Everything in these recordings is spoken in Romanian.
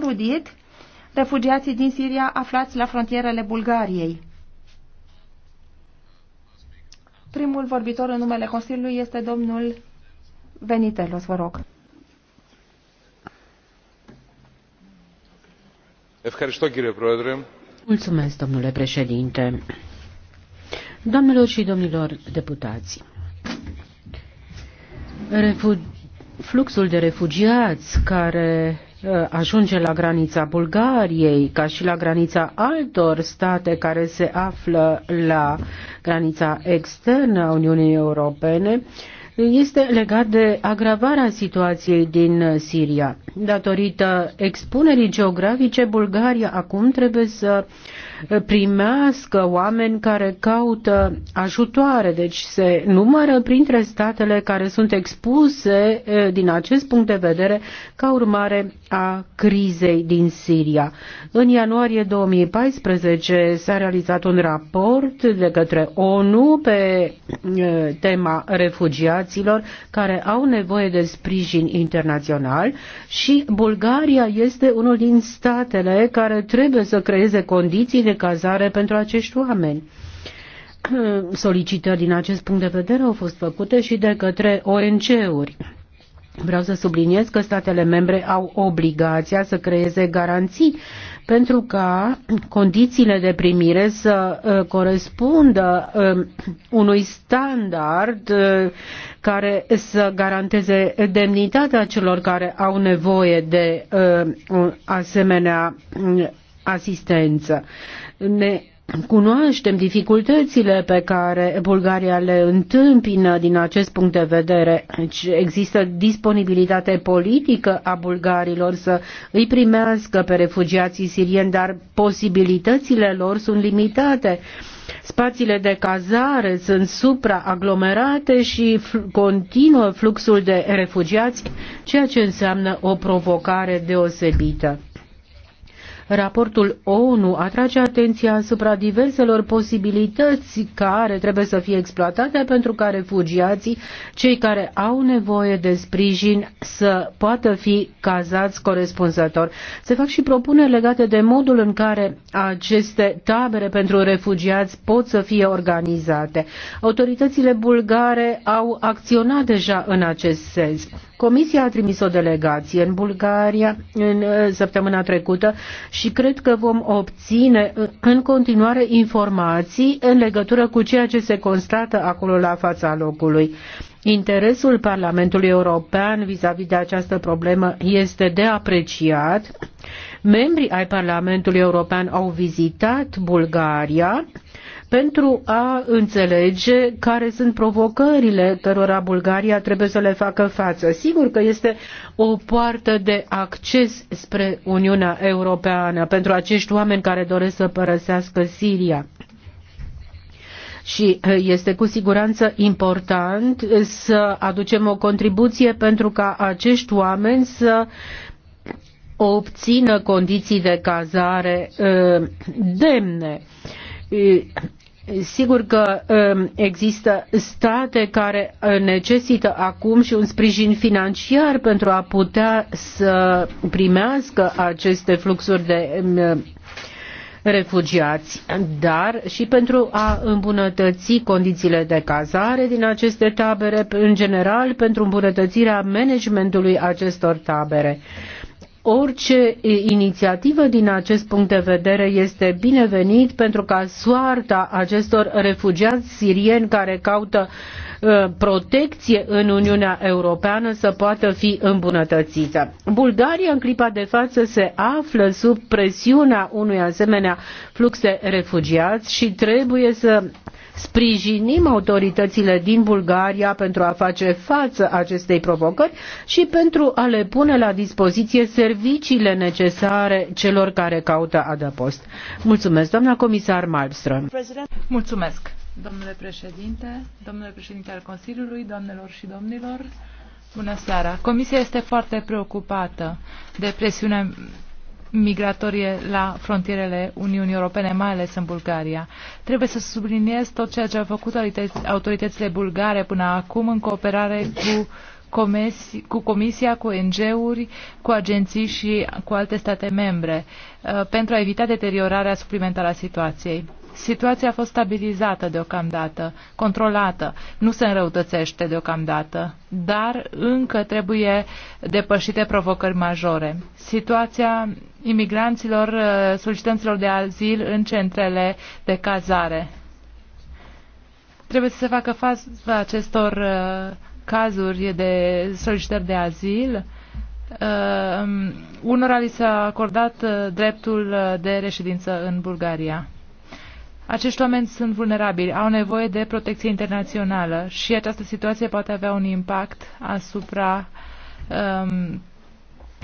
Rudit, refugiații din Siria aflați la frontierele Bulgariei. Primul vorbitor în numele Consiliului este domnul Venitelos, vă rog. Mulțumesc, domnule președinte. Doamnelor și domnilor deputați, refug... fluxul de refugiați care Uh, ajunge la granița Bulgariei, ca și la granița altor state care se află la granița externă a Uniunii Europene, este legat de agravarea situației din Siria. Datorită expunerii geografice, Bulgaria acum trebuie să uh, primească oameni care caută ajutoare, deci se numără printre statele care sunt expuse din acest punct de vedere ca urmare a crizei din Siria. În ianuarie 2014 s-a realizat un raport de către ONU pe tema refugiaților care au nevoie de sprijin internațional și Bulgaria este unul din statele care trebuie să creeze condiții de cazare pentru acești oameni. Solicitări din acest punct de vedere au fost făcute și de către ONG-uri. Vreau să subliniez că statele membre au obligația să creeze garanții pentru ca condițiile de primire să uh, corespundă um, unui standard uh, care să garanteze demnitatea celor care au nevoie de uh, asemenea asistență. Ne Cunoaștem dificultățile pe care Bulgaria le întâmpină din acest punct de vedere. Deci există disponibilitate politică a bulgarilor să îi primească pe refugiații sirieni, dar posibilitățile lor sunt limitate. Spațiile de cazare sunt supraaglomerate și continuă fluxul de refugiați, ceea ce înseamnă o provocare deosebită. Raportul ONU atrage atenția asupra diverselor posibilități care trebuie să fie exploatate pentru ca refugiații, cei care au nevoie de sprijin, să poată fi cazați corespunzător. Se fac și propuneri legate de modul în care aceste tabere pentru refugiați pot să fie organizate. Autoritățile bulgare au acționat deja în acest sens. Comisia a trimis o delegație în Bulgaria în uh, săptămâna trecută și cred că vom obține uh, în continuare informații în legătură cu ceea ce se constată acolo la fața locului. Interesul Parlamentului European vis-a-vis -vis de această problemă este de apreciat. Membrii ai Parlamentului European au vizitat Bulgaria pentru a înțelege care sunt provocările cărora Bulgaria trebuie să le facă față. Sigur că este o poartă de acces spre Uniunea Europeană pentru acești oameni care doresc să părăsească Siria și eh, este cu siguranță important să aducem o contribuție pentru ca acești oameni să obțină condiții de cazare eh, demne. Eh, Sigur că um, există state care uh, necesită acum și un sprijin financiar pentru a putea să primească aceste fluxuri de um, refugiați, dar și pentru a îmbunătăți condițiile de cazare din aceste tabere, în general pentru îmbunătățirea managementului acestor tabere orice inițiativă din acest punct de vedere este binevenit pentru ca soarta acestor refugiați sirieni care caută Uh, protecție în Uniunea Europeană să poată fi îmbunătățită. Bulgaria în clipa de față se află sub presiunea unui asemenea flux de refugiați și trebuie să sprijinim autoritățile din Bulgaria pentru a face față acestei provocări și pentru a le pune la dispoziție serviciile necesare celor care caută adăpost. Mulțumesc, doamna comisar Malmström. Mulțumesc. Domnule președinte, domnule președinte al Consiliului, doamnelor și domnilor, bună seara. Comisia este foarte preocupată de presiunea migratorie la frontierele Uniunii Europene, mai ales în Bulgaria. Trebuie să subliniez tot ceea ce au făcut autoritățile bulgare până acum în cooperare cu comesi, cu Comisia, cu ng uri cu agenții și cu alte state membre uh, pentru a evita deteriorarea suplimentară a situației situația a fost stabilizată deocamdată, controlată, nu se înrăutățește deocamdată, dar încă trebuie depășite provocări majore. Situația imigranților, uh, solicitanților de azil în centrele de cazare. Trebuie să se facă față acestor uh, cazuri de solicitări de azil. Uh, um, unora li s-a acordat dreptul de reședință în Bulgaria. Acești oameni sunt vulnerabili, au nevoie de protecție internațională și această situație poate avea un impact asupra um,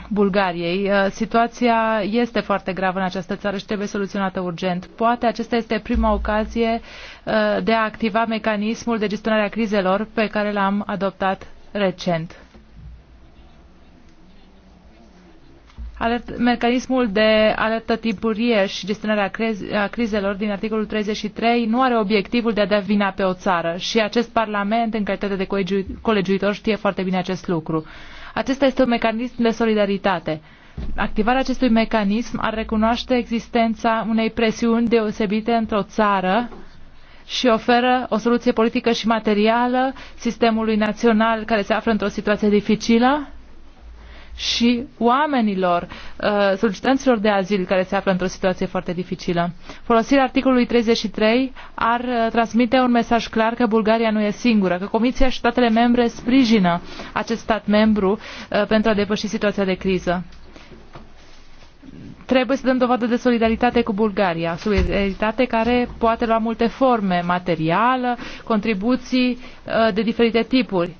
Bulgariei. Uh, situația este foarte gravă în această țară și trebuie soluționată urgent. Poate acesta este prima ocazie uh, de a activa mecanismul de gestionare a crizelor pe care l-am adoptat recent. Alert, mecanismul de alertă timpurie și gestionarea a crizelor din articolul 33 nu are obiectivul de a da vina pe o țară și acest Parlament, în calitate de colegiuitor, știe foarte bine acest lucru. Acesta este un mecanism de solidaritate. Activarea acestui mecanism ar recunoaște existența unei presiuni deosebite într-o țară și oferă o soluție politică și materială sistemului național care se află într-o situație dificilă și oamenilor, uh, solicitanților de azil care se află într-o situație foarte dificilă. Folosirea articolului 33 ar uh, transmite un mesaj clar că Bulgaria nu e singură, că Comisia și statele membre sprijină acest stat membru uh, pentru a depăși situația de criză trebuie să dăm dovadă de solidaritate cu Bulgaria, solidaritate care poate lua multe forme, materială, contribuții de diferite tipuri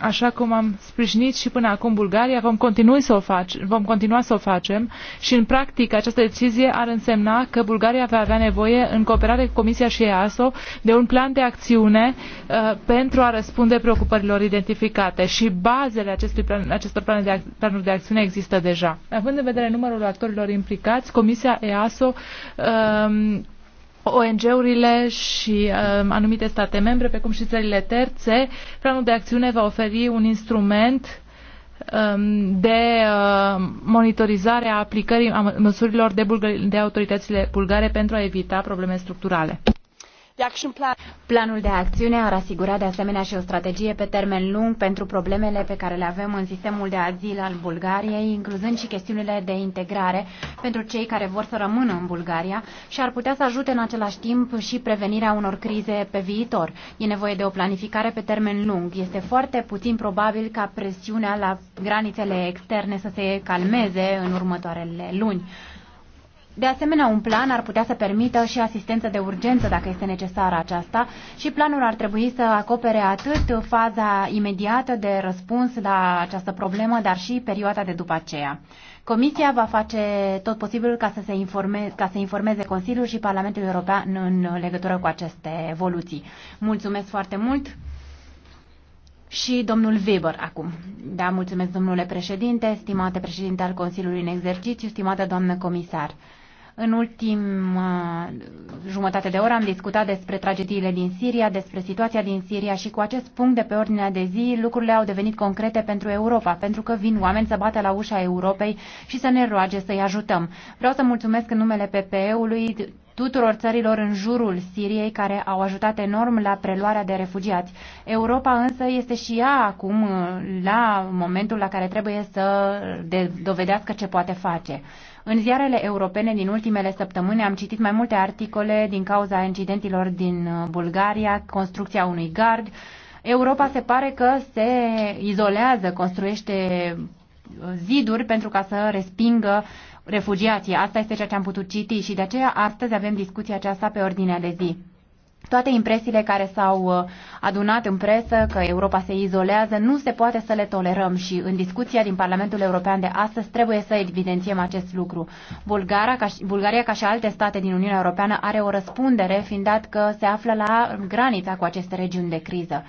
așa cum am sprijinit și până acum Bulgaria, vom continua să o, face, vom continua să o facem și în practică această decizie ar însemna că Bulgaria va avea nevoie, în cooperare cu Comisia și EASO, de un plan de acțiune uh, pentru a răspunde preocupărilor identificate și bazele acestui plan, acestor plan de planuri de acțiune există deja. Având în vedere numărul actorilor implicați, Comisia EASO uh, ONG-urile și uh, anumite state membre, precum și țările terțe, planul de acțiune va oferi un instrument um, de uh, monitorizare a aplicării a măsurilor de, de autoritățile bulgare pentru a evita probleme structurale. Planul de acțiune ar asigura de asemenea și o strategie pe termen lung pentru problemele pe care le avem în sistemul de azil al Bulgariei, incluzând și chestiunile de integrare pentru cei care vor să rămână în Bulgaria și ar putea să ajute în același timp și prevenirea unor crize pe viitor. E nevoie de o planificare pe termen lung. Este foarte puțin probabil ca presiunea la granițele externe să se calmeze în următoarele luni. De asemenea, un plan ar putea să permită și asistență de urgență dacă este necesară aceasta și planul ar trebui să acopere atât faza imediată de răspuns la această problemă, dar și perioada de după aceea. Comisia va face tot posibilul ca să, se informe, ca să informeze Consiliul și Parlamentul European în legătură cu aceste evoluții. Mulțumesc foarte mult! Și domnul Weber acum. Da, mulțumesc domnule președinte, stimate președinte al Consiliului în exercițiu, stimată doamnă comisar. În ultima jumătate de oră am discutat despre tragediile din Siria, despre situația din Siria și cu acest punct de pe ordinea de zi lucrurile au devenit concrete pentru Europa, pentru că vin oameni să bată la ușa Europei și să ne roage să-i ajutăm. Vreau să mulțumesc în numele PPE-ului tuturor țărilor în jurul Siriei care au ajutat enorm la preluarea de refugiați. Europa însă este și ea acum uh, la momentul la care trebuie să dovedească ce poate face. În ziarele europene din ultimele săptămâni am citit mai multe articole din cauza incidentilor din uh, Bulgaria, construcția unui gard. Europa se pare că se izolează, construiește uh, ziduri pentru ca să respingă refugiații. Asta este ceea ce am putut citi și de aceea astăzi avem discuția aceasta pe ordinea de zi. Toate impresiile care s-au uh, adunat în presă că Europa se izolează nu se poate să le tolerăm și în discuția din Parlamentul European de astăzi trebuie să evidențiem acest lucru. Bulgaria ca, și, Bulgaria, ca și alte state din Uniunea Europeană, are o răspundere, fiind dat că se află la granița cu aceste regiuni de criză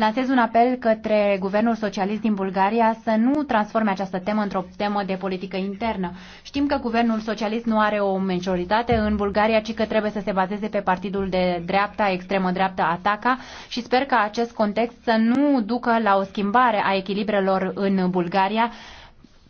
lansez un apel către guvernul socialist din Bulgaria să nu transforme această temă într-o temă de politică internă. Știm că guvernul socialist nu are o majoritate în Bulgaria, ci că trebuie să se bazeze pe partidul de dreapta, extremă-dreapta, ATACA și sper că acest context să nu ducă la o schimbare a echilibrelor în Bulgaria,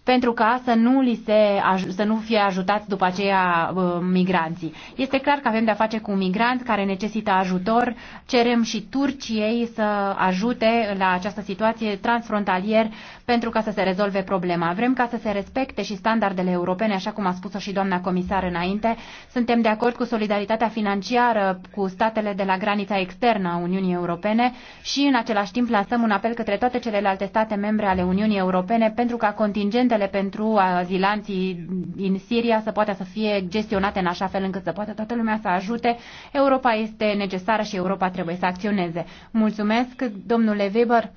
pentru ca să nu, li se, să nu fie ajutați după aceea uh, migranții. Este clar că avem de-a face cu un migrant care necesită ajutor. Cerem și Turciei să ajute la această situație transfrontalier pentru ca să se rezolve problema. Vrem ca să se respecte și standardele europene, așa cum a spus-o și doamna comisar înainte. Suntem de acord cu solidaritatea financiară cu statele de la granița externă a Uniunii Europene și în același timp lansăm un apel către toate celelalte state membre ale Uniunii Europene pentru ca contingentele pentru azilanții din Siria să poată să fie gestionate în așa fel încât să poată toată lumea să ajute. Europa este necesară și Europa trebuie să acționeze. Mulțumesc, domnule Weber.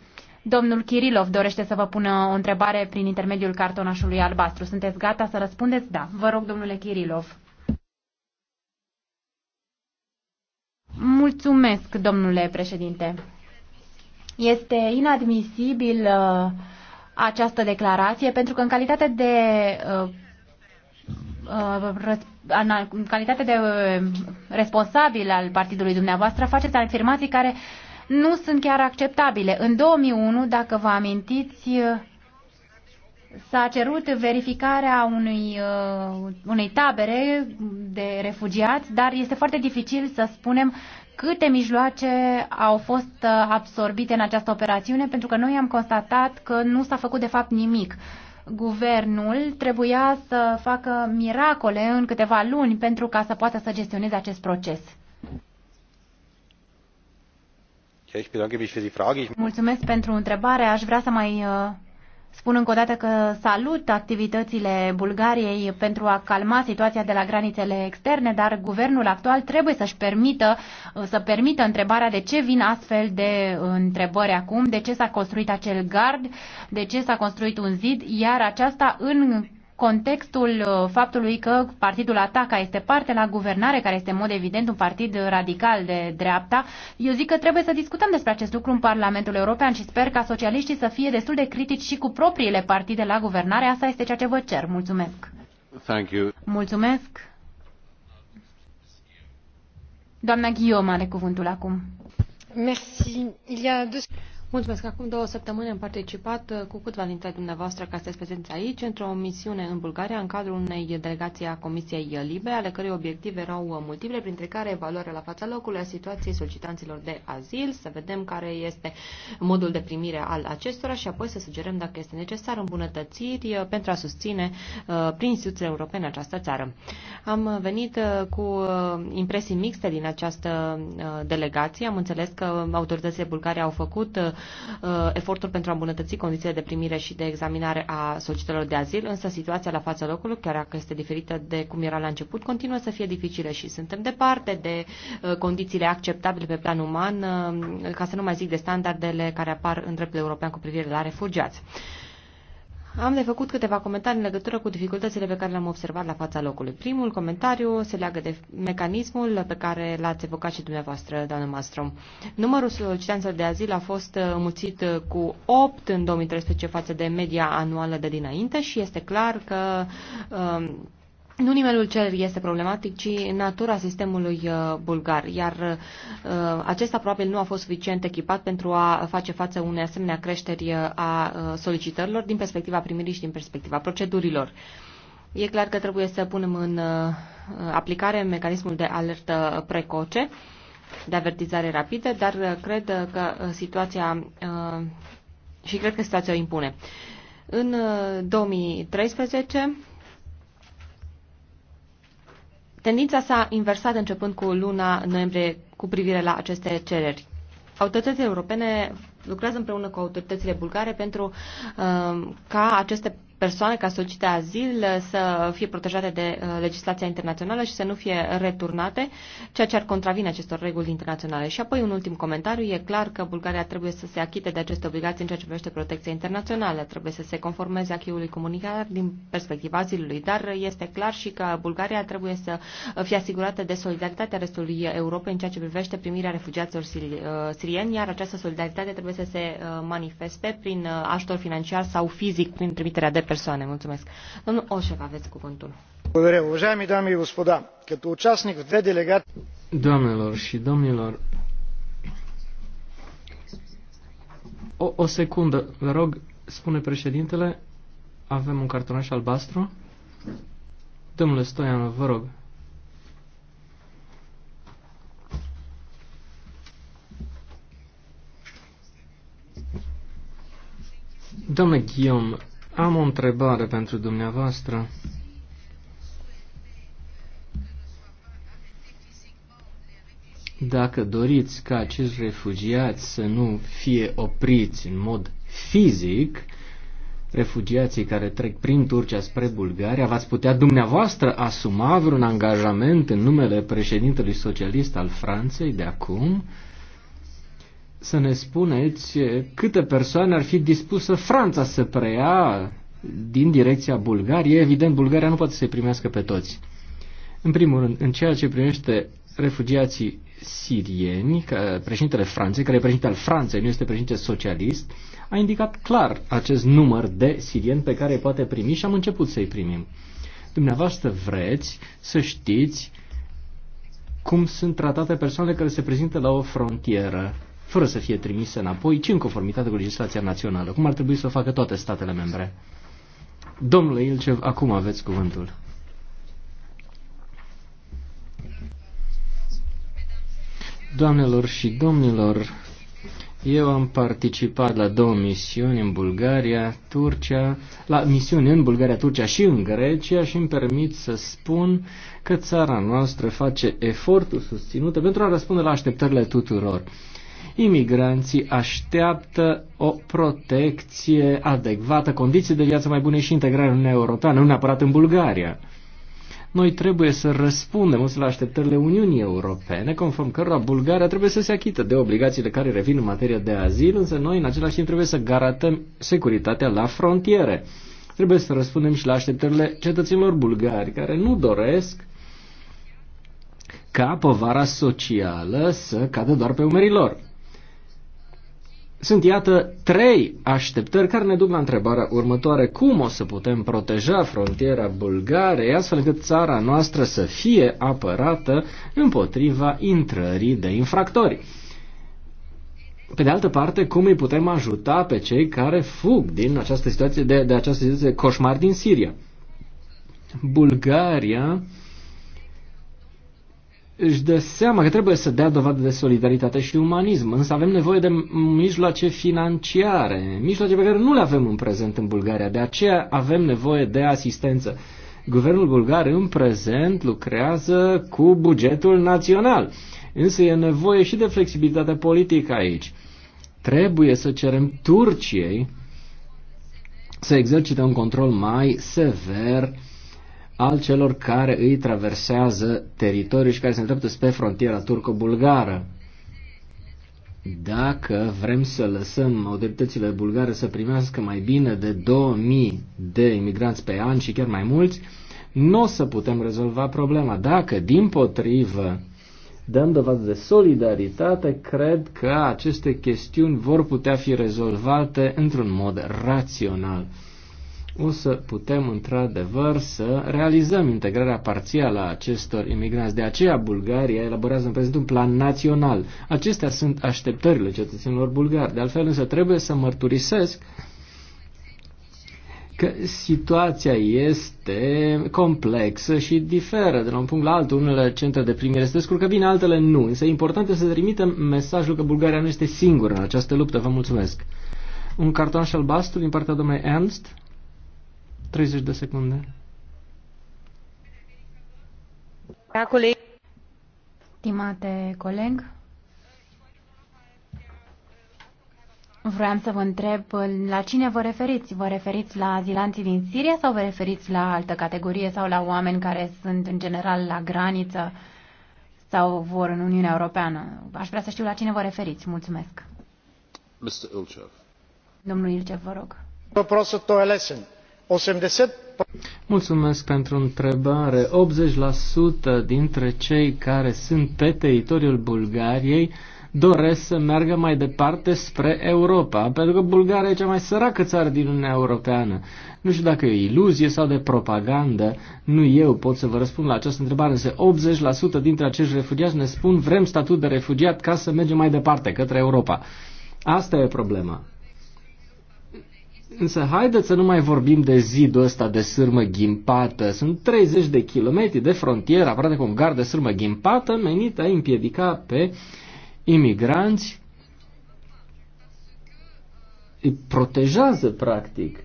Domnul Kirilov dorește să vă pună o întrebare prin intermediul cartonașului albastru. Sunteți gata să răspundeți? Da. Vă rog, domnule Kirilov. Mulțumesc, domnule președinte. Este inadmisibil uh, această declarație pentru că în calitate de uh, uh în calitate de uh, responsabil al partidului dumneavoastră, faceți afirmații care nu sunt chiar acceptabile. În 2001, dacă vă amintiți, s-a cerut verificarea unui, uh, unei tabere de refugiați, dar este foarte dificil să spunem câte mijloace au fost uh, absorbite în această operațiune, pentru că noi am constatat că nu s-a făcut de fapt nimic. Guvernul trebuia să facă miracole în câteva luni pentru ca să poată să gestioneze acest proces. Mulțumesc pentru întrebare. Aș vrea să mai uh, spun încă o dată că salut activitățile Bulgariei pentru a calma situația de la granițele externe, dar guvernul actual trebuie să-și permită, uh, să permită întrebarea de ce vin astfel de uh, întrebări acum, de ce s-a construit acel gard, de ce s-a construit un zid, iar aceasta în contextul uh, faptului că partidul Ataca este parte la guvernare, care este în mod evident un partid radical de dreapta, eu zic că trebuie să discutăm despre acest lucru în Parlamentul European și sper ca socialiștii să fie destul de critici și cu propriile partide la guvernare. Asta este ceea ce vă cer. Mulțumesc. Thank you. Mulțumesc. Doamna Guillaume are cuvântul acum. Merci. Il y a deux... Mulțumesc. Acum două săptămâni am participat uh, cu câtva dintre dumneavoastră ca este prezenți aici într-o misiune în Bulgaria în cadrul unei delegații a Comisiei Libe, ale cărei obiective erau uh, multiple, printre care evaluarea la fața locului a situației solicitanților de azil, să vedem care este modul de primire al acestora și apoi să sugerăm dacă este necesar îmbunătățiri uh, pentru a susține prin instituțiile europene această țară. Am venit cu impresii mixte din această delegație. Am înțeles că autoritățile bulgare au făcut Uh, eforturi pentru a îmbunătăți condițiile de primire și de examinare a solicitărilor de azil, însă situația la fața locului, chiar dacă este diferită de cum era la început, continuă să fie dificilă și suntem departe de uh, condițiile acceptabile pe plan uman, uh, ca să nu mai zic de standardele care apar în dreptul european cu privire la refugiați. Am de făcut câteva comentarii în legătură cu dificultățile pe care le-am observat la fața locului. Primul comentariu se leagă de mecanismul pe care l-ați evocat și dumneavoastră, doamnă Mastrom. Numărul solicitanților de azil a fost mulțit cu 8 în 2013 față de media anuală de dinainte și este clar că um, nu nivelul cer este problematic, ci natura sistemului uh, bulgar, iar uh, acesta probabil nu a fost suficient echipat pentru a face față unei asemenea creșteri uh, a solicitărilor din perspectiva primirii și din perspectiva procedurilor. E clar că trebuie să punem în aplicare mecanismul de alertă precoce, de avertizare rapidă, dar cred că situația și cred că situația o impune. În 2013 Tendința s-a inversat începând cu luna noiembrie cu privire la aceste cereri. Autoritățile europene lucrează împreună cu autoritățile bulgare pentru uh, ca aceste persoane ca solicită azil uh, să fie protejate de uh, legislația internațională și să nu fie returnate, ceea ce ar contravine acestor reguli internaționale. Și apoi un ultim comentariu. E clar că Bulgaria trebuie să se achite de aceste obligații în ceea ce privește protecția internațională. Trebuie să se conformeze acquis comunicar din perspectiva azilului. Dar este clar și că Bulgaria trebuie să fie asigurată de solidaritatea restului Europei în ceea ce privește primirea refugiaților uh, sirieni, iar această solidaritate trebuie să se manifeste prin ajutor financiar sau fizic, prin trimiterea de persoane. Mulțumesc. Domnul Oșev, aveți cuvântul. Уважаеми дами и господа, като участник в две делегации... Doamnelor și domnilor, o, o secundă, vă rog, spune președintele, avem un cartonaș albastru. Domnule Stoianov, vă rog. Domnule Guillaume, am o întrebare pentru dumneavoastră. Dacă doriți ca acești refugiați să nu fie opriți în mod fizic, refugiații care trec prin Turcia spre Bulgaria, v-ați putea dumneavoastră asuma vreun angajament în numele președintelui socialist al Franței de acum să ne spuneți câte persoane ar fi dispusă Franța să preia din direcția Bulgariei. Evident, Bulgaria nu poate să-i primească pe toți. În primul rând, în ceea ce primește refugiații sirieni, că președintele Franței, care e președinte al Franței, nu este președinte socialist, a indicat clar acest număr de sirieni pe care îi poate primi și am început să-i primim. Dumneavoastră vreți să știți cum sunt tratate persoanele care se prezintă la o frontieră fără să fie trimise înapoi, ci în conformitate cu legislația națională, cum ar trebui să o facă toate statele membre. Domnule Ilcev, acum aveți cuvântul. Doamnelor și domnilor, eu am participat la două misiuni în Bulgaria, Turcia, la misiuni în Bulgaria, Turcia și în Grecia și îmi permit să spun că țara noastră face eforturi susținute pentru a răspunde la așteptările tuturor imigranții așteaptă o protecție adecvată, condiții de viață mai bune și integrare în Uniunea Europeană, nu neapărat în Bulgaria. Noi trebuie să răspundem la așteptările Uniunii Europene, conform cărora Bulgaria trebuie să se achită de obligațiile care revin în materie de azil, însă noi în același timp trebuie să garantăm securitatea la frontiere. Trebuie să răspundem și la așteptările cetățenilor bulgari care nu doresc ca povara socială să cadă doar pe umerii lor. Sunt, iată, trei așteptări care ne duc la întrebarea următoare. Cum o să putem proteja frontiera bulgare, astfel încât țara noastră să fie apărată împotriva intrării de infractori? Pe de altă parte, cum îi putem ajuta pe cei care fug din această situație de, de această situație coșmar din Siria? Bulgaria își dă seama că trebuie să dea dovadă de solidaritate și umanism, însă avem nevoie de mijloace financiare, mijloace pe care nu le avem în prezent în Bulgaria, de aceea avem nevoie de asistență. Guvernul bulgar în prezent lucrează cu bugetul național, însă e nevoie și de flexibilitate politică aici. Trebuie să cerem Turciei să exercite un control mai sever al celor care îi traversează teritoriul și care se întreptă spre frontiera turco-bulgară. Dacă vrem să lăsăm autoritățile bulgare să primească mai bine de 2000 de imigranți pe an și chiar mai mulți, nu o să putem rezolva problema. Dacă, din potrivă, dăm dovadă de solidaritate, cred că aceste chestiuni vor putea fi rezolvate într-un mod rațional o să putem într-adevăr să realizăm integrarea parțială a acestor imigranți. De aceea Bulgaria elaborează în prezent un plan național. Acestea sunt așteptările cetățenilor bulgari. De altfel însă trebuie să mărturisesc că situația este complexă și diferă de la un punct la altul. Unele centre de primire se descurcă bine, altele nu. Însă e important să trimitem mesajul că Bulgaria nu este singură în această luptă. Vă mulțumesc. Un carton și albastru din partea domnului Ernst. 30 de secunde. Stimate coleg, vreau să vă întreb la cine vă referiți? Vă referiți la azilanții din Siria sau vă referiți la altă categorie sau la oameni care sunt în general la graniță sau vor în Uniunea Europeană? Aș vrea să știu la cine vă referiți. Mulțumesc. Mr. Ilchev. Domnul Ilchev, vă rog. Vă rog. Mulțumesc pentru întrebare. 80% dintre cei care sunt pe teritoriul Bulgariei doresc să meargă mai departe spre Europa, pentru că Bulgaria e cea mai săracă țară din Uniunea Europeană. Nu știu dacă e o iluzie sau de propagandă, nu eu pot să vă răspund la această întrebare, însă 80% dintre acești refugiați ne spun vrem statut de refugiat ca să mergem mai departe, către Europa. Asta e problema. Însă haideți să nu mai vorbim de zidul ăsta de sârmă ghimpată. Sunt 30 de kilometri de frontieră, aproape cu un gard de sârmă ghimpată, menit a împiedica pe imigranți. Îi protejează, practic.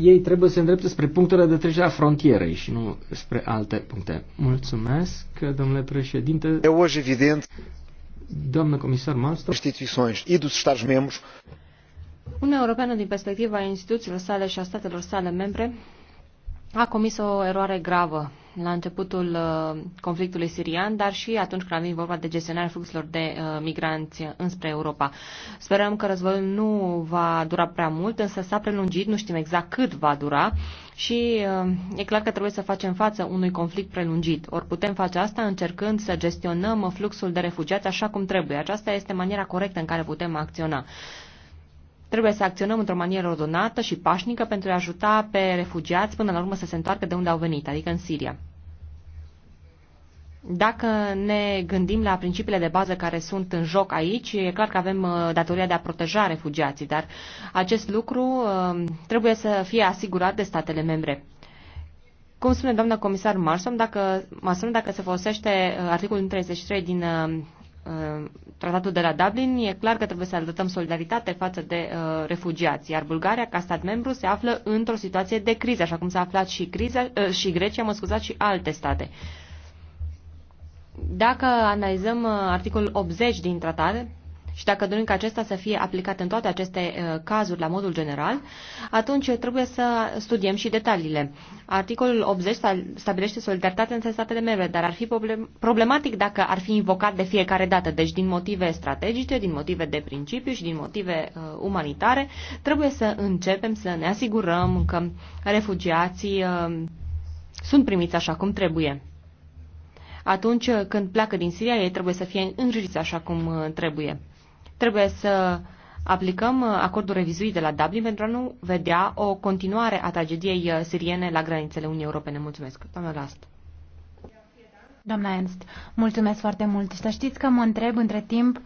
Ei trebuie să se îndrepte spre punctele de trecere a frontierei și nu spre alte puncte. Mulțumesc, domnule președinte. E hoje evident. Doamnă comisar Malmström. Instituțiuni și dos Estados-membros Uniunea Europeană, din perspectiva instituțiilor sale și a statelor sale membre, a comis o eroare gravă la începutul uh, conflictului sirian, dar și atunci când a venit vorba de gestionarea fluxurilor de uh, migranți înspre Europa. Sperăm că războiul nu va dura prea mult, însă s-a prelungit, nu știm exact cât va dura și uh, e clar că trebuie să facem față unui conflict prelungit. Ori putem face asta încercând să gestionăm fluxul de refugiați așa cum trebuie. Aceasta este maniera corectă în care putem acționa. Trebuie să acționăm într-o manieră ordonată și pașnică pentru a ajuta pe refugiați până la urmă să se întoarcă de unde au venit, adică în Siria. Dacă ne gândim la principiile de bază care sunt în joc aici, e clar că avem uh, datoria de a proteja refugiații, dar acest lucru uh, trebuie să fie asigurat de statele membre. Cum spune doamna comisar Marsom, dacă, Marsom, dacă se folosește uh, articolul 33 din Uh, tratatul de la Dublin, e clar că trebuie să arătăm solidaritate față de uh, refugiați, iar Bulgaria, ca stat membru, se află într-o situație de criză, așa cum s-a aflat și, criza, uh, și Grecia, mă scuzați, și alte state. Dacă analizăm uh, articolul 80 din tratat, și dacă dorim ca acesta să fie aplicat în toate aceste uh, cazuri la modul general, atunci trebuie să studiem și detaliile. Articolul 80 stabilește solidaritate între statele membre, dar ar fi problematic dacă ar fi invocat de fiecare dată. Deci din motive strategice, din motive de principiu și din motive uh, umanitare, trebuie să începem să ne asigurăm că refugiații uh, sunt primiți așa cum trebuie. Atunci când pleacă din Siria, ei trebuie să fie îngrijiți așa cum uh, trebuie. Trebuie să aplicăm acordul revizuit de la Dublin pentru a nu vedea o continuare a tragediei uh, siriene la granițele Uniunii Europene. Mulțumesc. Doamna Last. Doamna Ernst, mulțumesc foarte mult. Să știți că mă întreb între timp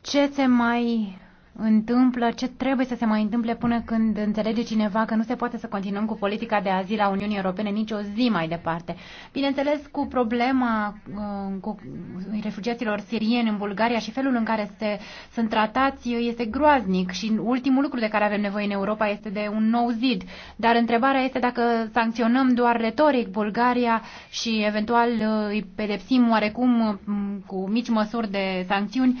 ce se mai întâmplă, ce trebuie să se mai întâmple până când înțelege cineva că nu se poate să continuăm cu politica de azil a Uniunii Europene nici o zi mai departe. Bineînțeles, cu problema uh, cu refugiaților sirieni în Bulgaria și felul în care se, sunt tratați este groaznic și ultimul lucru de care avem nevoie în Europa este de un nou zid. Dar întrebarea este dacă sancționăm doar retoric Bulgaria și eventual uh, îi pedepsim oarecum uh, cu mici măsuri de sancțiuni,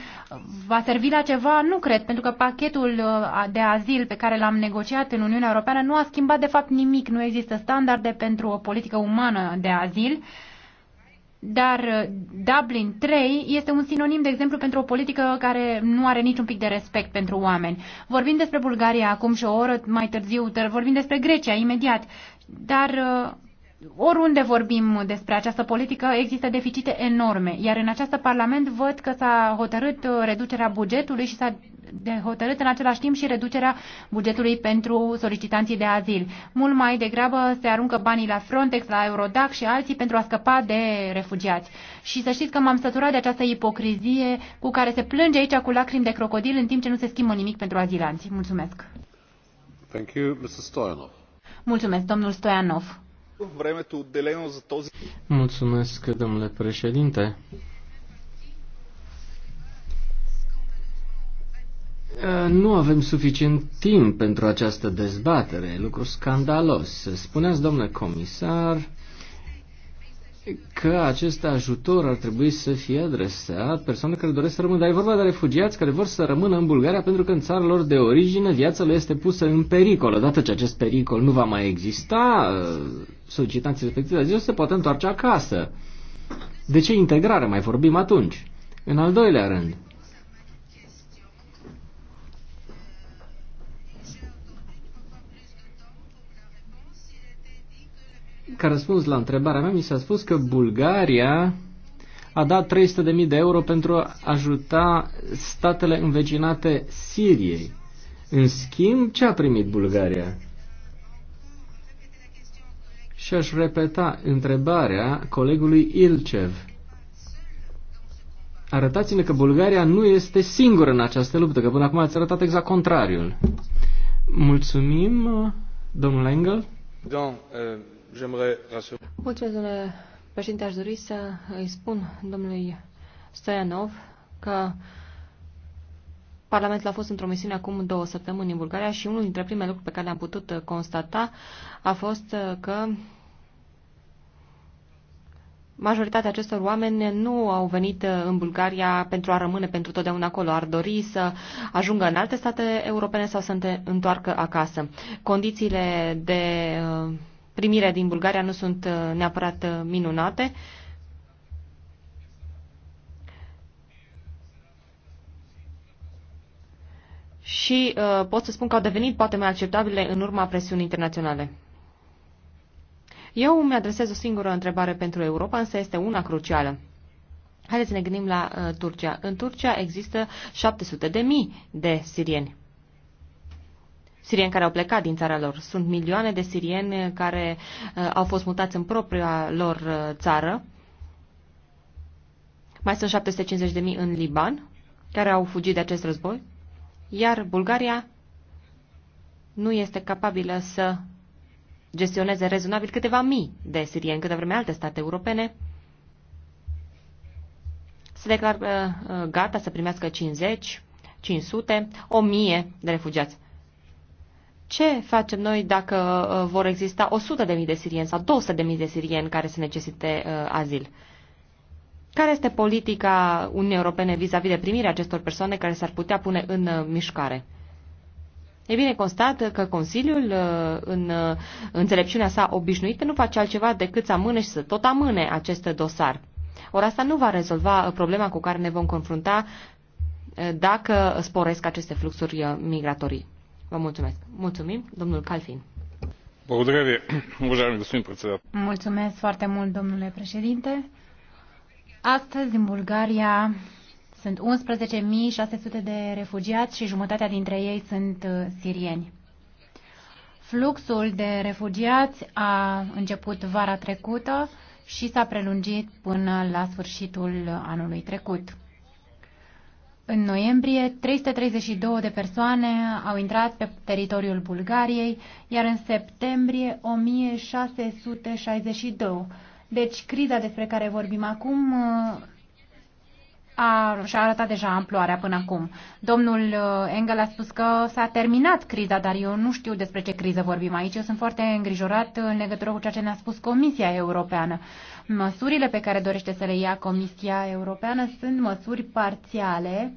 va servi la ceva? Nu cred, pentru că că pachetul uh, de azil pe care l-am negociat în Uniunea Europeană nu a schimbat de fapt nimic. Nu există standarde pentru o politică umană de azil, dar uh, Dublin 3 este un sinonim, de exemplu, pentru o politică care nu are niciun pic de respect pentru oameni. Vorbim despre Bulgaria acum și o oră mai târziu, dar vorbim despre Grecia imediat. Dar uh, Oriunde vorbim despre această politică, există deficite enorme, iar în acest parlament văd că s-a hotărât uh, reducerea bugetului și s-a de hotărât în același timp și reducerea bugetului pentru solicitanții de azil. Mult mai degrabă se aruncă banii la Frontex, la Eurodac și alții pentru a scăpa de refugiați. Și să știți că m-am săturat de această ipocrizie cu care se plânge aici cu lacrimi de crocodil în timp ce nu se schimbă nimic pentru azilanți. Mulțumesc. Thank you, Mr. Mulțumesc, domnul Stoianov. Mulțumesc, domnule președinte. Nu avem suficient timp pentru această dezbatere, lucru scandalos. Spuneați, domnule comisar, că acest ajutor ar trebui să fie adresat persoane care doresc să rămână. Dar e vorba de refugiați care vor să rămână în Bulgaria pentru că în țara lor de origine viața le este pusă în pericol. Odată ce acest pericol nu va mai exista, solicitanții respectivi de se poate întoarce acasă. De ce integrare mai vorbim atunci? În al doilea rând, ca răspuns la întrebarea mea, mi s-a spus că Bulgaria a dat 300.000 de euro pentru a ajuta statele învecinate Siriei. În schimb, ce a primit Bulgaria? Și aș repeta întrebarea colegului Ilcev. Arătați-ne că Bulgaria nu este singură în această luptă, că până acum ați arătat exact contrariul. Mulțumim, domnul Engel. Don, uh... Mulțumesc, domnule președinte. Aș dori să îi spun domnului Stoianov că Parlamentul a fost într-o misiune acum două săptămâni în Bulgaria și unul dintre primele lucruri pe care le-am putut uh, constata a fost uh, că majoritatea acestor oameni nu au venit uh, în Bulgaria pentru a rămâne pentru totdeauna acolo. Ar dori să ajungă în alte state europene sau să se întoarcă acasă. Condițiile de primirea din Bulgaria nu sunt uh, neapărat uh, minunate. Și uh, pot să spun că au devenit poate mai acceptabile în urma presiunii internaționale. Eu îmi adresez o singură întrebare pentru Europa, însă este una crucială. Haideți să ne gândim la uh, Turcia. În Turcia există 700 de mii de sirieni sirieni care au plecat din țara lor. Sunt milioane de sirieni care uh, au fost mutați în propria lor uh, țară. Mai sunt 750.000 în Liban care au fugit de acest război, iar Bulgaria nu este capabilă să gestioneze rezonabil câteva mii de sirieni, câte vreme alte state europene se declară uh, gata să primească 50, 500, 1000 de refugiați ce facem noi dacă uh, vor exista 100.000 de sirieni sau 200.000 de sirieni care să necesite uh, azil? Care este politica Uniunii Europene vis-a-vis -vis de primirea acestor persoane care s-ar putea pune în uh, mișcare? E bine, constat că Consiliul, în înțelepciunea sa obișnuită, nu face altceva decât să amâne și să tot amâne acest dosar. Ori asta nu va rezolva problema cu care ne vom confrunta dacă sporesc aceste fluxuri migratorii. Vă mulțumesc. Mulțumim, domnul Calfin. Mulțumesc foarte mult, domnule președinte. Astăzi, în Bulgaria, sunt 11.600 de refugiați și jumătatea dintre ei sunt uh, sirieni. Fluxul de refugiați a început vara trecută și s-a prelungit până la sfârșitul anului trecut. În noiembrie, 332 de persoane au intrat pe teritoriul Bulgariei, iar în septembrie 1662. Deci criza despre care vorbim acum a, și-a arătat deja amploarea până acum. Domnul uh, Engel a spus că s-a terminat criza, dar eu nu știu despre ce criză vorbim aici. Eu sunt foarte îngrijorat în legătură cu ceea ce ne-a spus Comisia Europeană. Măsurile pe care dorește să le ia Comisia Europeană sunt măsuri parțiale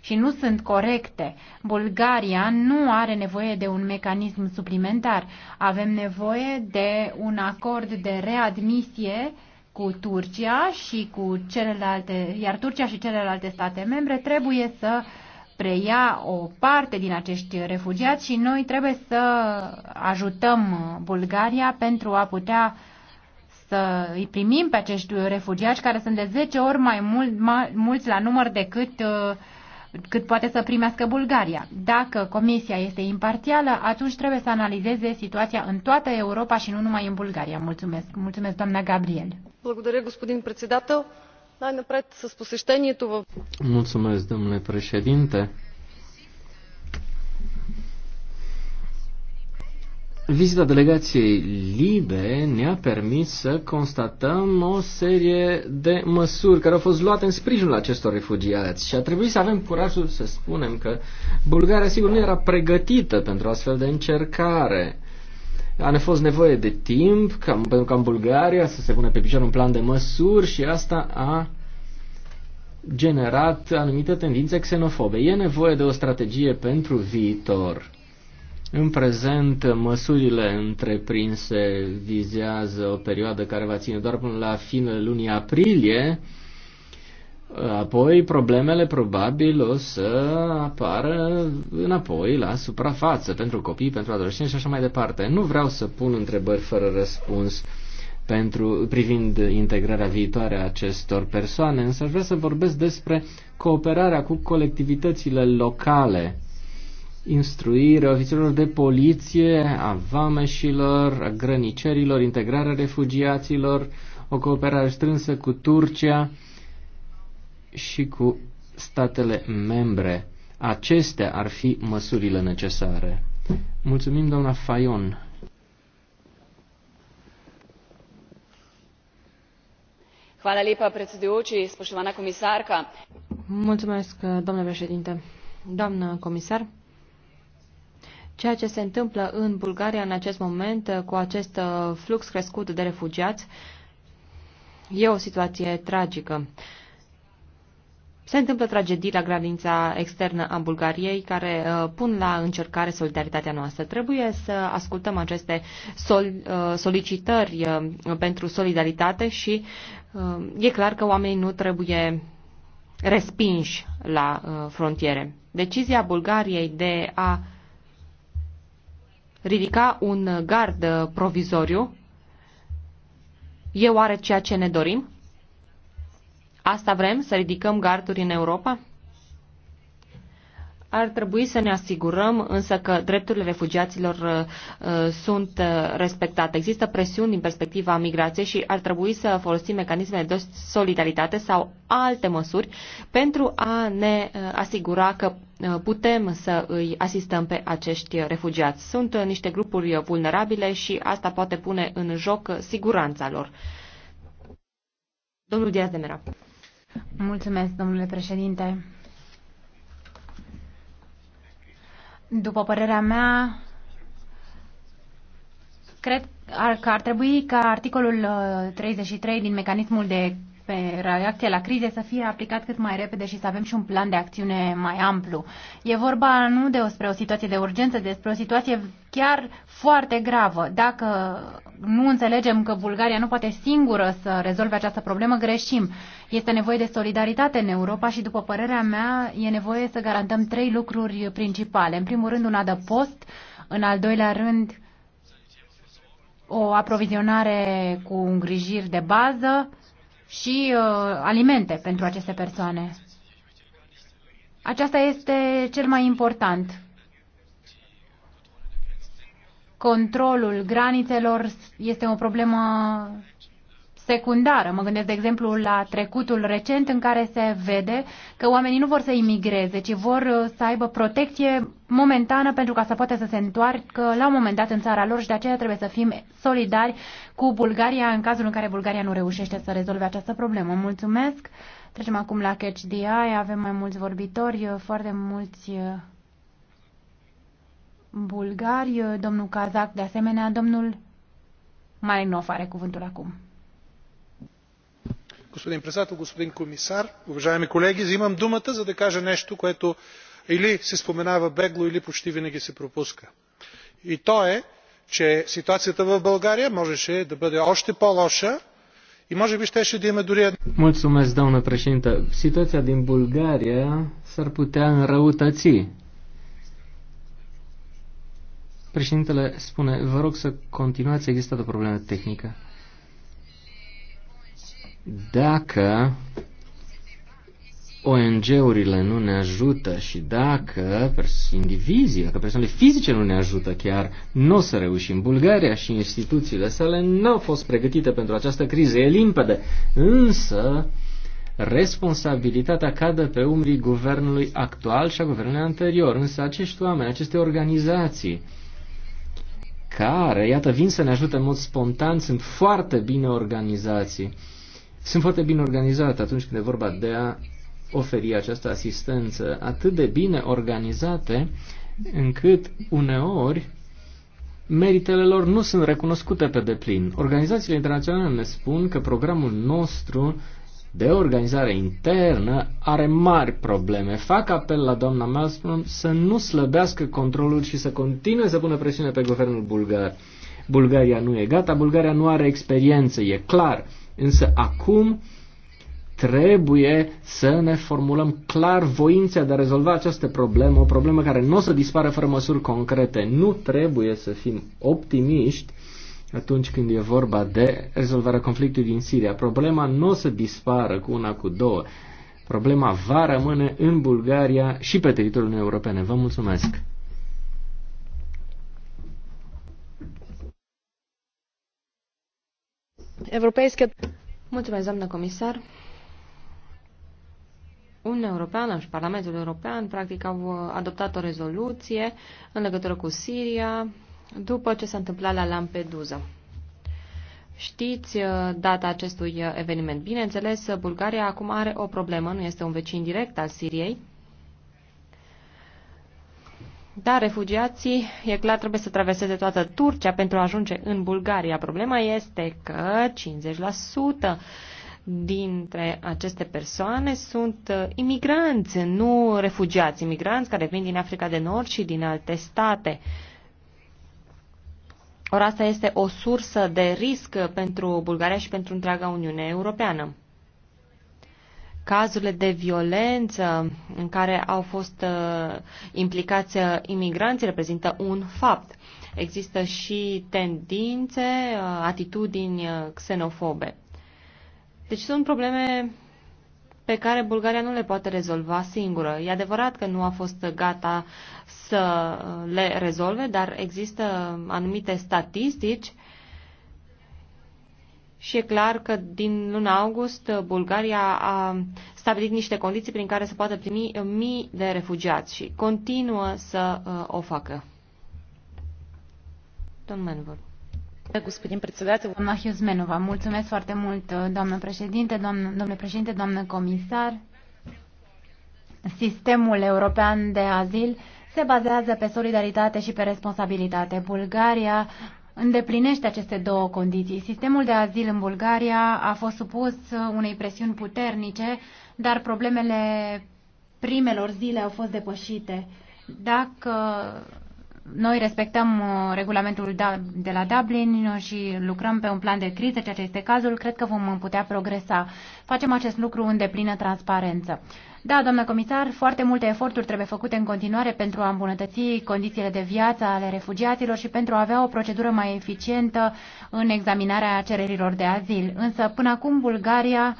și nu sunt corecte. Bulgaria nu are nevoie de un mecanism suplimentar. Avem nevoie de un acord de readmisie cu Turcia și cu celelalte, iar Turcia și celelalte state membre trebuie să preia o parte din acești refugiați și noi trebuie să ajutăm Bulgaria pentru a putea să îi primim pe acești refugiați care sunt de 10 ori mai, mult, mai mulți la număr decât uh, cât poate să primească Bulgaria. Dacă Comisia este imparțială, atunci trebuie să analizeze situația în toată Europa și nu numai în Bulgaria. Mulțumesc, mulțumesc doamna Gabriel. Mulțumesc, domnule președinte. Vizita delegației Libe ne-a permis să constatăm o serie de măsuri care au fost luate în sprijinul acestor refugiați și a trebuit să avem curajul să spunem că Bulgaria sigur nu era pregătită pentru astfel de încercare. A ne fost nevoie de timp ca, pentru ca în Bulgaria să se pune pe picior un plan de măsuri și asta a generat anumite tendințe xenofobe. E nevoie de o strategie pentru viitor. În prezent, măsurile întreprinse vizează o perioadă care va ține doar până la finele lunii aprilie, Apoi problemele probabil o să apară înapoi la suprafață pentru copii, pentru adolescenți și așa mai departe. Nu vreau să pun întrebări fără răspuns pentru, privind integrarea viitoare a acestor persoane, însă aș vrea să vorbesc despre cooperarea cu colectivitățile locale, instruire ofițerilor de poliție, a vameșilor, a grănicerilor, integrarea refugiaților, o cooperare strânsă cu Turcia, și cu statele membre. Acestea ar fi măsurile necesare. Mulțumim, doamna Fayon. Mulțumesc, domnule președinte. Doamnă comisar, ceea ce se întâmplă în Bulgaria în acest moment cu acest uh, flux crescut de refugiați e o situație tragică. Se întâmplă tragedii la granița externă a Bulgariei care uh, pun la încercare solidaritatea noastră. Trebuie să ascultăm aceste sol, uh, solicitări uh, pentru solidaritate și uh, e clar că oamenii nu trebuie respinși la uh, frontiere. Decizia Bulgariei de a ridica un gard uh, provizoriu e oare ceea ce ne dorim? Asta vrem? Să ridicăm garduri în Europa? Ar trebui să ne asigurăm însă că drepturile refugiaților uh, uh sunt uh, respectate. Există presiuni din perspectiva migrației și ar trebui să folosim mecanisme de solidaritate sau alte măsuri pentru a ne uh, asigura că putem să îi asistăm pe acești refugiați. Sunt niște grupuri vulnerabile și asta poate pune în joc siguranța lor. Domnul Diaz de Mera. Mulțumesc, domnule președinte. După părerea mea, cred că ar trebui ca articolul 33 uh, din mecanismul de pe reacția la crize să fie aplicat cât mai repede și să avem și un plan de acțiune mai amplu. E vorba nu despre o situație de urgență, despre o situație chiar foarte gravă. Dacă nu înțelegem că Bulgaria nu poate singură să rezolve această problemă, greșim. Este nevoie de solidaritate în Europa și, după părerea mea, e nevoie să garantăm trei lucruri principale. În primul rând, un adăpost, în al doilea rând, o aprovizionare cu îngrijiri de bază și uh, alimente pentru aceste persoane. Aceasta este cel mai important. Controlul granițelor este o problemă secundară. Mă gândesc, de exemplu, la trecutul recent în care se vede că oamenii nu vor să imigreze, ci vor uh, să aibă protecție momentană pentru ca să poată să se întoarcă la un moment dat în țara lor și de aceea trebuie să fim solidari cu Bulgaria în cazul în care Bulgaria nu reușește să rezolve această problemă. Mulțumesc! Trecem acum la Catch the Eye. Avem mai mulți vorbitori, uh, foarte mulți uh, bulgari, domnul Kazak, de asemenea, domnul Marinov are cuvântul acum господин председател господин комисар уважаеми колеги! взимам думата за да кажа нещо което или се споменава бегло или почти винаги се пропуска и то е че ситуацията в българя можеше да бъде още по лоша и може би щеше да има дори. една... doamnă președintă. Situația din Bulgaria s-ar putea înrăutăți. Președintele spune, vă rog să continuați, există problemă tehnică. Dacă ONG-urile nu ne ajută și dacă indivizii, dacă persoanele fizice nu ne ajută chiar, nu o să reușim. Bulgaria și instituțiile sale nu au fost pregătite pentru această criză, e limpede. Însă, responsabilitatea cadă pe umbrii guvernului actual și a guvernului anterior. Însă acești oameni, aceste organizații, care, iată, vin să ne ajute în mod spontan, sunt foarte bine organizații sunt foarte bine organizate atunci când e vorba de a oferi această asistență, atât de bine organizate încât uneori meritele lor nu sunt recunoscute pe deplin. Organizațiile internaționale ne spun că programul nostru de organizare internă are mari probleme. Fac apel la doamna Malmström să nu slăbească controlul și să continue să pună presiune pe guvernul bulgar. Bulgaria nu e gata, Bulgaria nu are experiență, e clar. Însă acum trebuie să ne formulăm clar voința de a rezolva această problemă, o problemă care nu o să dispară fără măsuri concrete. Nu trebuie să fim optimiști atunci când e vorba de rezolvarea conflictului din Siria. Problema nu o să dispară cu una, cu două. Problema va rămâne în Bulgaria și pe teritoriul Uniunii Europene. Vă mulțumesc! Mulțumesc, doamnă comisar. Uniunea Europeană și Parlamentul European practic au adoptat o rezoluție în legătură cu Siria după ce s-a întâmplat la Lampedusa. Știți uh, data acestui eveniment. Bineînțeles, Bulgaria acum are o problemă, nu este un vecin direct al Siriei, da, refugiații, e clar, trebuie să traverseze toată Turcia pentru a ajunge în Bulgaria. Problema este că 50% dintre aceste persoane sunt uh, imigranți, nu refugiați, imigranți care vin din Africa de Nord și din alte state. Ora asta este o sursă de risc pentru Bulgaria și pentru întreaga Uniune Europeană cazurile de violență în care au fost uh, implicați uh, imigranții reprezintă un fapt. Există și tendințe, uh, atitudini xenofobe. Deci sunt probleme pe care Bulgaria nu le poate rezolva singură. E adevărat că nu a fost gata să le rezolve, dar există anumite statistici și e clar că din luna august uh, Bulgaria a stabilit niște condiții prin care se poată primi uh, mii de refugiați și continuă să uh, o facă. Domnul Menvor. Господин председател, doamna Хюзменова, mulțumesc foarte mult, doamnă președinte, doamnă, domnule președinte, doamnă comisar. Sistemul european de azil se bazează pe solidaritate și pe responsabilitate. Bulgaria îndeplinește aceste două condiții. Sistemul de azil în Bulgaria a fost supus unei presiuni puternice, dar problemele primelor zile au fost depășite. Dacă noi respectăm uh, regulamentul da, de la Dublin și lucrăm pe un plan de criză, ceea ce este cazul, cred că vom putea progresa. Facem acest lucru în deplină transparență. Da, doamnă comisar, foarte multe eforturi trebuie făcute în continuare pentru a îmbunătăți condițiile de viață ale refugiaților și pentru a avea o procedură mai eficientă în examinarea cererilor de azil. Însă, până acum, Bulgaria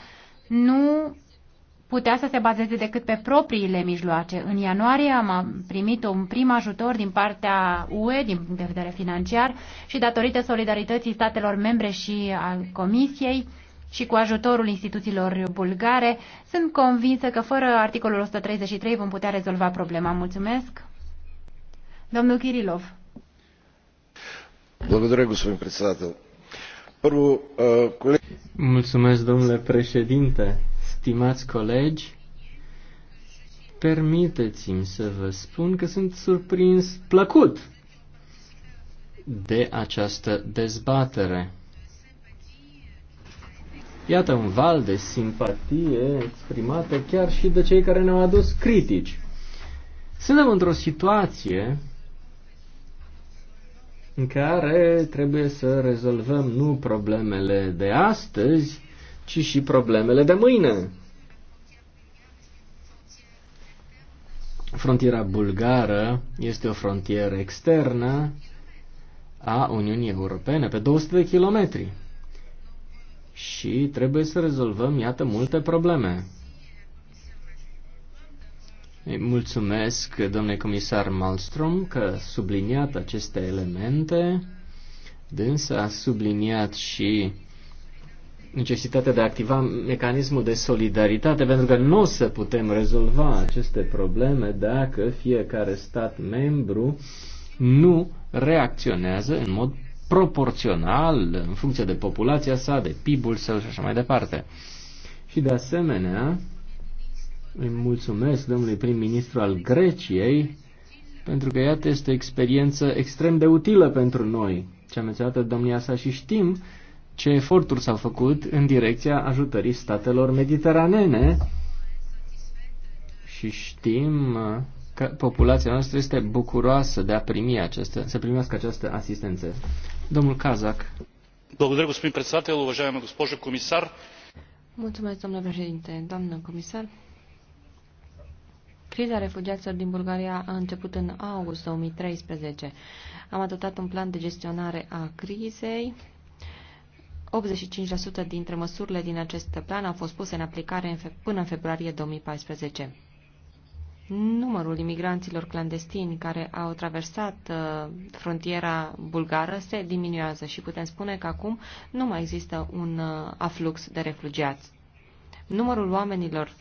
nu putea să se bazeze decât pe propriile mijloace. În ianuarie am primit un prim ajutor din partea UE, din punct de vedere financiar, și datorită solidarității statelor membre și a Comisiei, și cu ajutorul instituțiilor bulgare, sunt convinsă că fără articolul 133 vom putea rezolva problema. Mulțumesc. Domnul Kirilov. Mulțumesc, domnule președinte. Stimați colegi, permiteți-mi să vă spun că sunt surprins plăcut de această dezbatere. Iată un val de simpatie exprimată chiar și de cei care ne-au adus critici. Suntem într-o situație în care trebuie să rezolvăm nu problemele de astăzi, ci și problemele de mâine. Frontiera bulgară este o frontieră externă a Uniunii Europene, pe 200 de kilometri și trebuie să rezolvăm, iată, multe probleme. mulțumesc, domnule comisar Malmström, că subliniat aceste elemente. Dânsa a subliniat și necesitatea de a activa mecanismul de solidaritate, pentru că nu o să putem rezolva aceste probleme dacă fiecare stat membru nu reacționează în mod proporțional în funcție de populația sa, de PIB-ul său și așa mai departe. Și de asemenea, îi mulțumesc domnului prim-ministru al Greciei pentru că, iată, este o experiență extrem de utilă pentru noi. Ce a menționat domnia sa și știm ce eforturi s-au făcut în direcția ajutării statelor mediteranene și știm că populația noastră este bucuroasă de a primi aceste, să primească această asistență. Domnul Kazak. Благодаря, господин председател, уважаема госпожо комисар. Mulțumesc, domnule președinte, doamnă comisar. Criza refugiaților din Bulgaria a început în august 2013. Am adoptat un plan de gestionare a crizei. 85% dintre măsurile din acest plan au fost puse în aplicare în până în februarie 2014 numărul imigranților clandestini care au traversat uh, frontiera bulgară se diminuează și putem spune că acum nu mai există un uh, aflux de refugiați. Numărul oamenilor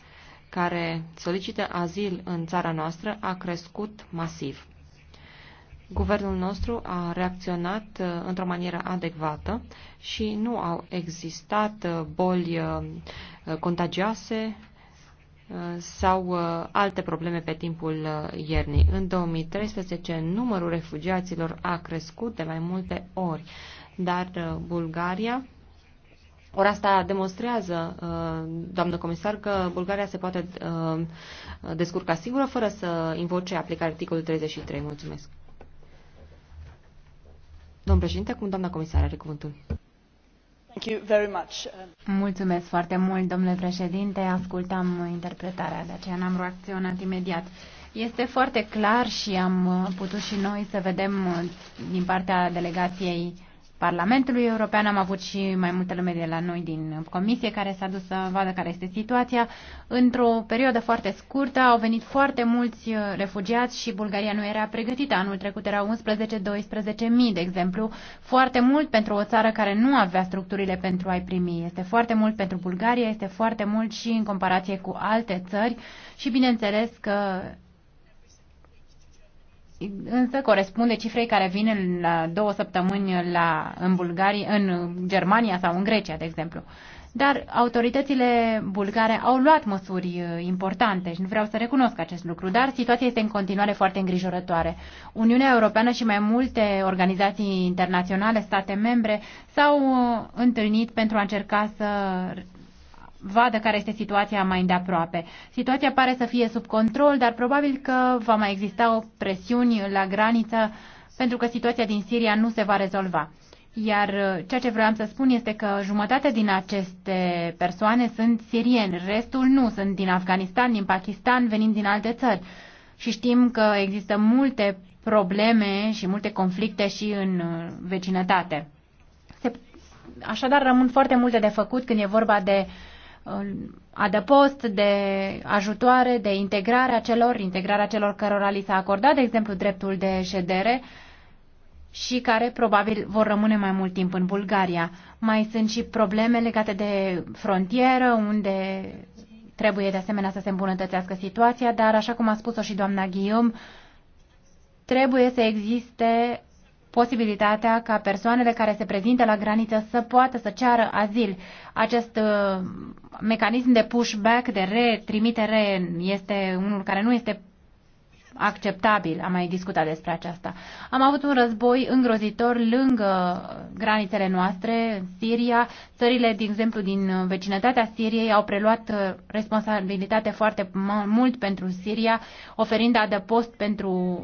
care solicită azil în țara noastră a crescut masiv. Guvernul nostru a reacționat uh, într-o manieră adecvată și nu au existat boli contagioase sau uh, alte probleme pe timpul uh, iernii. În 2013, numărul refugiaților a crescut de mai multe ori, dar uh, Bulgaria ori asta demonstrează, doamnă comisar, că Bulgaria se poate descurca sigură fără să invoce aplicarea articolului 33. Mulțumesc. Domn președinte, cum doamna comisar are cuvântul. Mulțumesc foarte mult, domnule președinte. Ascultam interpretarea, de aceea n-am reacționat imediat. Este foarte clar și am putut și noi să vedem uh, din partea delegației Parlamentului European. Am avut și mai multe lume de la noi din comisie care s-a dus să vadă care este situația. Într-o perioadă foarte scurtă au venit foarte mulți uh, refugiați și Bulgaria nu era pregătită. Anul trecut erau 11-12 mii, de exemplu. Foarte mult pentru o țară care nu avea structurile pentru a-i primi. Este foarte mult pentru Bulgaria, este foarte mult și în comparație cu alte țări și bineînțeles că însă corespunde cifrei care vin la două săptămâni la, în, Bulgaria, în Germania sau în Grecia, de exemplu. Dar autoritățile bulgare au luat măsuri uh, importante și nu vreau să recunosc acest lucru, dar situația este în continuare foarte îngrijorătoare. Uniunea Europeană și mai multe organizații internaționale, state membre, s-au uh, întâlnit pentru a încerca să vadă care este situația mai îndeaproape. Situația pare să fie sub control, dar probabil că va mai exista o presiuni la graniță pentru că situația din Siria nu se va rezolva. Iar uh, ceea ce vreau să spun este că jumătate din aceste persoane sunt sirieni, restul nu, sunt din Afganistan, din Pakistan, venind din alte țări. Și știm că există multe probleme și multe conflicte și în uh, vecinătate. așadar, rămân foarte multe de făcut când e vorba de uh, adăpost, de ajutoare, de integrarea celor, integrarea celor cărora li s-a acordat, de exemplu, dreptul de ședere și care probabil vor rămâne mai mult timp în Bulgaria. Mai sunt și probleme legate de frontieră, unde trebuie de asemenea să se îmbunătățească situația, dar așa cum a spus-o și doamna Guillaume, trebuie să existe posibilitatea ca persoanele care se prezintă la graniță să poată să ceară azil. Acest uh, mecanism de pushback, de retrimitere, este unul care nu este acceptabil. Am mai discutat despre aceasta. Am avut un război îngrozitor lângă granițele noastre, Siria. Țările, de exemplu, din vecinătatea Siriei au preluat uh, responsabilitate foarte mult pentru Siria, oferind adăpost pentru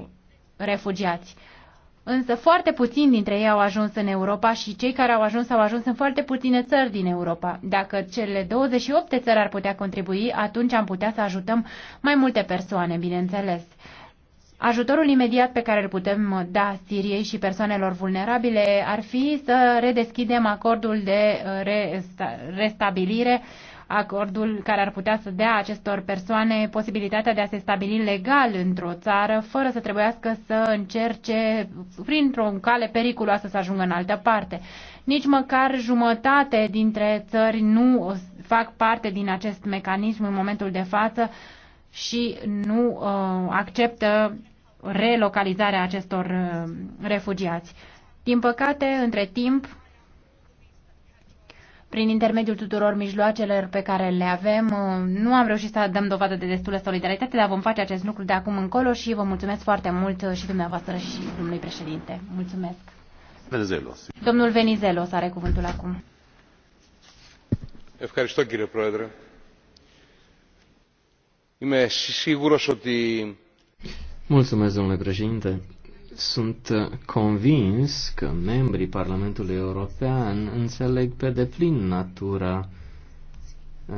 refugiați. Însă foarte puțini dintre ei au ajuns în Europa și cei care au ajuns au ajuns în foarte puține țări din Europa. Dacă cele 28 de țări ar putea contribui, atunci am putea să ajutăm mai multe persoane, bineînțeles. Ajutorul imediat pe care îl putem da Siriei și persoanelor vulnerabile ar fi să redeschidem acordul de restabilire acordul care ar putea să dea acestor persoane posibilitatea de a se stabili legal într-o țară fără să trebuiască să încerce printr-o cale periculoasă să ajungă în altă parte. Nici măcar jumătate dintre țări nu fac parte din acest mecanism în momentul de față și nu uh, acceptă relocalizarea acestor uh, refugiați. Din păcate, între timp, prin intermediul tuturor mijloacelor pe care le avem. Uh, nu am reușit să dăm dovadă de destulă solidaritate, dar vom face acest lucru de acum încolo și vă mulțumesc foarte mult uh, și dumneavoastră și domnului președinte. Mulțumesc. Venizelos. Domnul Venizelos are cuvântul acum. Ευχαριστώ κύριε Πρόεδρε. Είμαι σίγουρος ότι... Mulțumesc, domnule președinte. Sunt uh, convins că membrii Parlamentului European înțeleg pe deplin natura uh,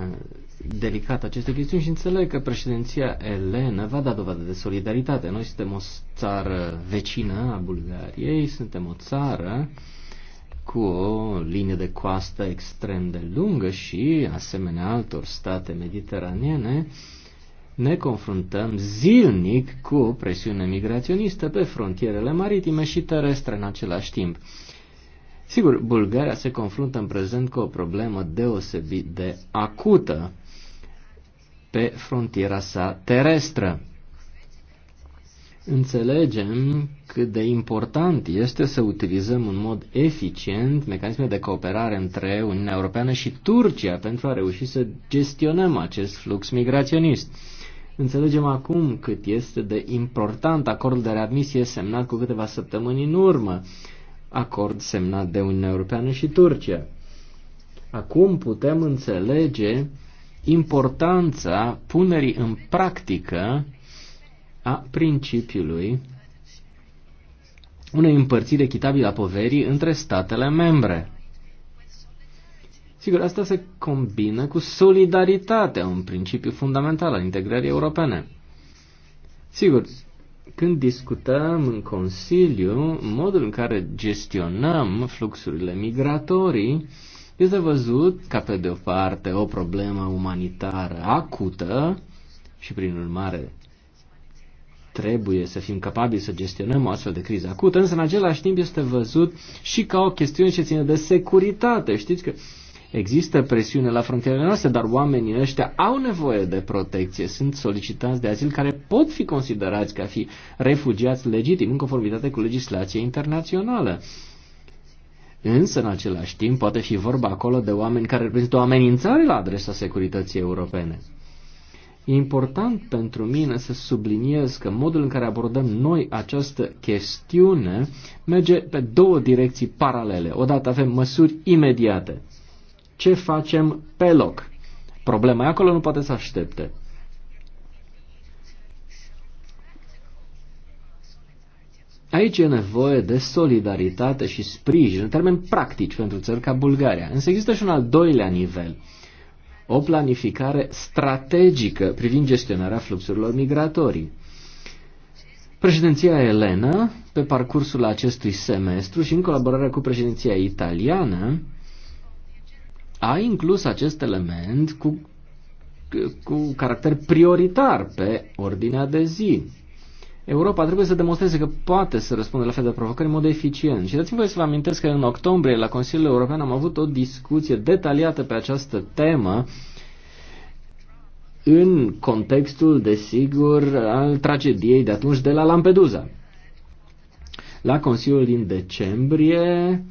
delicată aceste chestiuni și înțeleg că președinția elenă va da dovadă de solidaritate. Noi suntem o țară vecină a Bulgariei, suntem o țară cu o linie de coastă extrem de lungă și, asemenea altor state mediteraniene, uh, ne confruntăm zilnic cu presiune migraționistă pe frontierele maritime și terestre în același timp. Sigur, Bulgaria se confruntă în prezent cu o problemă deosebit de acută pe frontiera sa terestră. Înțelegem cât de important este să utilizăm în mod eficient mecanisme de cooperare între Uniunea Europeană și Turcia pentru a reuși să gestionăm acest flux migraționist. Înțelegem acum cât este de important acordul de readmisie semnat cu câteva săptămâni în urmă, acord semnat de Uniunea Europeană și Turcia. Acum putem înțelege importanța punerii în practică a principiului unei împărțiri echitabile a poverii între statele membre. Sigur, asta se combină cu solidaritatea, un principiu fundamental al integrării europene. Sigur, când discutăm în Consiliu, modul în care gestionăm fluxurile migratorii este văzut ca, pe de o parte, o problemă umanitară acută și, prin urmare, trebuie să fim capabili să gestionăm o astfel de criză acută, însă, în același timp, este văzut și ca o chestiune ce ține de securitate. Știți că Există presiune la frontierele noastre, dar oamenii ăștia au nevoie de protecție. Sunt solicitați de azil care pot fi considerați ca fi refugiați legitimi în conformitate cu legislația internațională. Însă, în același timp, poate fi vorba acolo de oameni care reprezintă o amenințare la adresa securității europene. E important pentru mine să subliniez că modul în care abordăm noi această chestiune merge pe două direcții paralele. Odată avem măsuri imediate ce facem pe loc. Problema e acolo, nu poate să aștepte. Aici e nevoie de solidaritate și sprijin în termeni practici pentru țări ca Bulgaria. Însă există și un al doilea nivel, o planificare strategică privind gestionarea fluxurilor migratorii. Președinția Elena, pe parcursul acestui semestru și în colaborare cu președinția italiană, a inclus acest element cu, cu caracter prioritar pe ordinea de zi. Europa trebuie să demonstreze că poate să răspundă la fel de provocări în mod eficient. Și dați-mi voie să vă amintesc că în octombrie la Consiliul European am avut o discuție detaliată pe această temă în contextul, desigur, al tragediei de atunci de la Lampedusa. La Consiliul din decembrie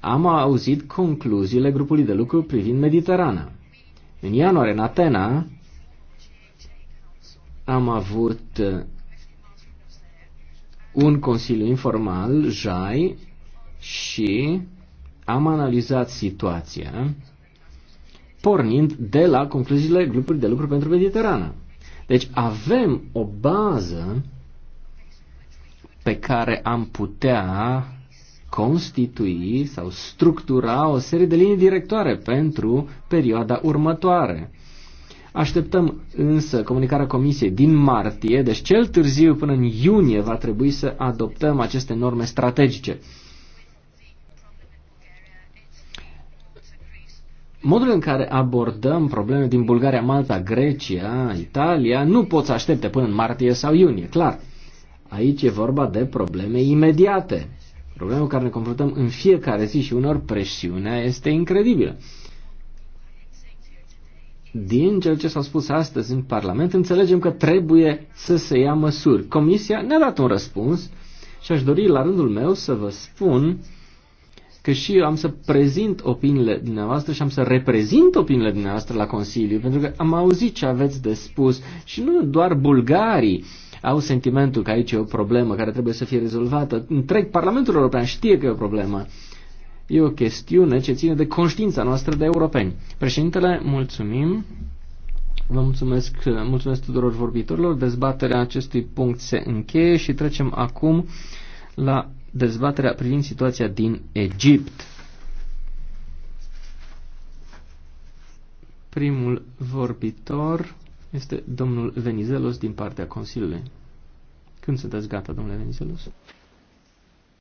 am auzit concluziile grupului de lucru privind Mediterana. În ianuarie, în Atena, am avut uh, un consiliu informal, JAI, și am analizat situația pornind de la concluziile grupului de lucru pentru Mediterana. Deci avem o bază pe care am putea constitui sau structura o serie de linii directoare pentru perioada următoare. Așteptăm însă comunicarea Comisiei din martie, deci cel târziu până în iunie va trebui să adoptăm aceste norme strategice. Modul în care abordăm probleme din Bulgaria, Malta, Grecia, Italia, nu pot să aștepte până în martie sau iunie, clar. Aici e vorba de probleme imediate Problema cu care ne confruntăm în fiecare zi și unor presiunea este incredibilă. Din ceea ce s-a spus astăzi în Parlament, înțelegem că trebuie să se ia măsuri. Comisia ne-a dat un răspuns și aș dori la rândul meu să vă spun că și eu am să prezint opiniile dumneavoastră și am să reprezint opiniile dumneavoastră la Consiliu, pentru că am auzit ce aveți de spus și nu doar bulgarii au sentimentul că aici e o problemă care trebuie să fie rezolvată. Întreg Parlamentul European știe că e o problemă. E o chestiune ce ține de conștiința noastră de europeni. Președintele, mulțumim. Vă mulțumesc, mulțumesc tuturor vorbitorilor. Dezbaterea acestui punct se încheie și trecem acum la dezbaterea privind situația din Egipt. Primul vorbitor este domnul Venizelos din partea Consiliului. Când sunteți gata, domnule Venizelos?